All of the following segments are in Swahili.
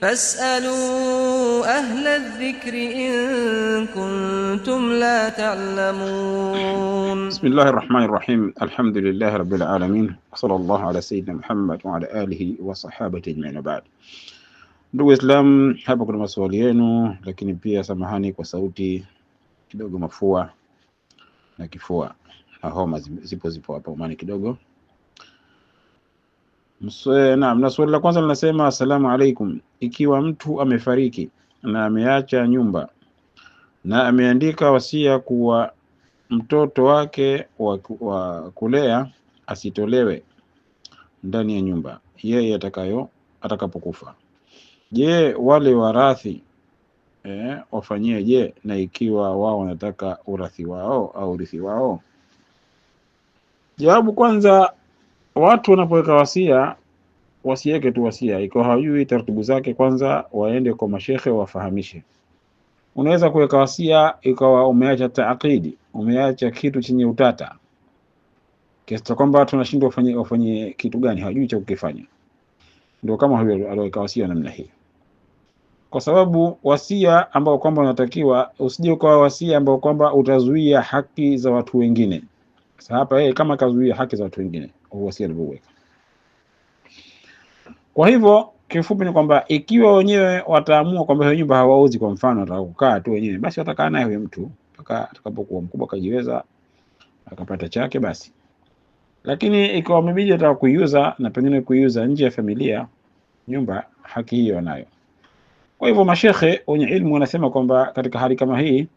فاسألوا أهل الذكر إن كنتم لا تعلمون بسم الله الرحمن الرحيم الحمد لله رب العالمين صلى الله على سيدنا محمد وعلى آله وصحابه أجمعين بعد ndugu Islam hapa kuna maswali yenu lakini pia samahani kwa sauti kidogo mafua na kifua na homa zipo zipo hapa umani kidogo Naam, na swali la kwanza linasema assalamu alaikum, ikiwa mtu amefariki na ameacha nyumba na ameandika wasia kuwa mtoto wake wa, wa kulea asitolewe ndani ya nyumba yeye atakayo atakapokufa. Je, wale warathi eh, wafanyie je? Na ikiwa wao wanataka urathi wao au urithi wao? Jawabu kwanza watu wanapoweka wasia wasiweke tu wasia, iko hawajui taratibu zake, kwanza waende kwa mashehe wafahamishe. Unaweza kuweka wasia ikawa umeacha taakidi, umeacha kitu chenye utata kiasi kwamba watu wafanye wafanye kitu gani, hawajui cha kukifanya. Ndio kama huyo aliweka wasia namna hii, kwa sababu wasia ambao kwamba unatakiwa usije ukawa wasia ambao kwamba utazuia haki za watu wengine. Sasa hapa yeye kama kazuia haki za watu wengine huwa si Kwa hivyo kifupi ni kwamba ikiwa wenyewe wataamua kwamba hiyo nyumba hawauzi, kwa mfano wataka kukaa tu wenyewe, basi watakaa naye huyo mtu mpaka atakapokuwa mkubwa akajiweza akapata chake basi. Lakini ikiwa wamebidi wataka kuiuza na pengine kuiuza nje ya familia, nyumba haki hiyo wanayo. Kwa hivyo mashehe wenye ilmu wanasema kwamba katika hali kama hii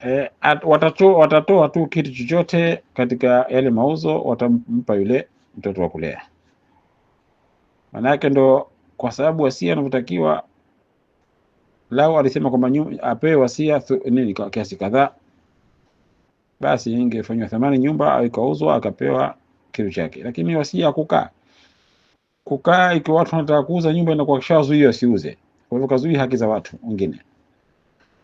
eh, at watatoa watatoa tu kitu chochote katika yale mauzo, watampa yule mtoto wa kulea. Maana yake ndo kwa sababu wasia anavyotakiwa, lau alisema kwamba apewe wasia nini kwa kiasi kadhaa, basi ingefanywa thamani nyumba au ikauzwa akapewa kitu chake, lakini wasia hakukaa kukaa. Ikiwa watu wanataka kuuza nyumba, inakuwa kishawazuia wasiuze, kwa hivyo kazuia haki za watu wengine.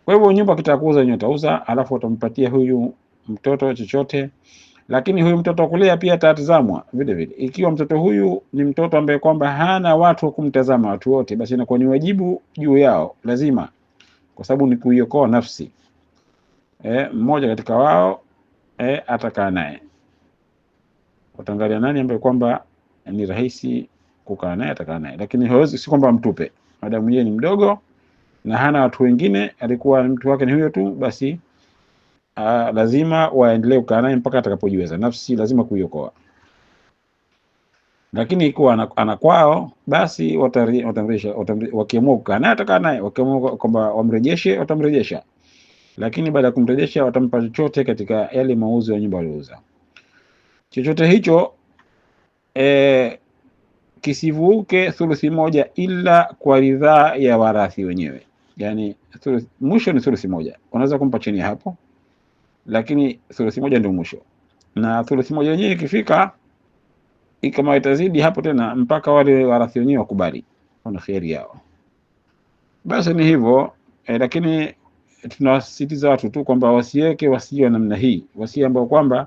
Kwa hivyo nyumba kitakuuza yenyewe utauza, alafu utampatia huyu mtoto chochote, lakini huyu mtoto kulea pia atatazamwa vile vile. Ikiwa mtoto huyu ni mtoto ambaye kwamba hana watu wa kumtazama watu wote, basi inakuwa ni wajibu juu yao lazima, kwa sababu ni kuiokoa nafsi. E, mmoja katika wao e, atakaa naye, wataangalia nani ambaye kwamba ni rahisi kukaa naye, atakaa naye, lakini hawezi si kwamba mtupe, madamu yeye ni mdogo na hana watu wengine, alikuwa mtu wake ni huyo tu, basi a, lazima waendelee kukaa naye mpaka atakapojiweza. Nafsi lazima kuiokoa, lakini ikiwa anakwao, basi watamrejesha. Wakiamua kukaa naye atakaa naye, wakiamua kwamba wamrejeshe watamrejesha, lakini baada ya kumrejesha watampa chochote katika yale mauzo ya nyumba waliouza, chochote hicho e, kisivuke thuluthi moja ila kwa ridhaa ya warathi wenyewe yani mwisho ni thuluthi moja, unaweza kumpa chini ya hapo, lakini thuluthi moja ndio mwisho, na thuluthi moja yenyewe ikifika kama itazidi hapo tena mpaka wale warathi wenyewe wakubali, kuna khairi yao. Basi ni hivyo eh, lakini tunawasisitiza watu tu kwamba wasiweke wasia namna hii, wasia ambao kwamba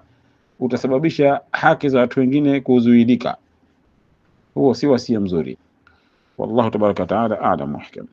utasababisha haki za watu wengine kuzuidika Huo si wasia mzuri. Wallahu tabaraka wataala alamu hakim.